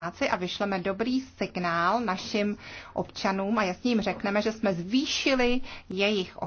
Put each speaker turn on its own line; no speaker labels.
práci a vyšleme dobrý signál našim občanům a jasně jim řekneme, že jsme zvýšili jejich ochranu.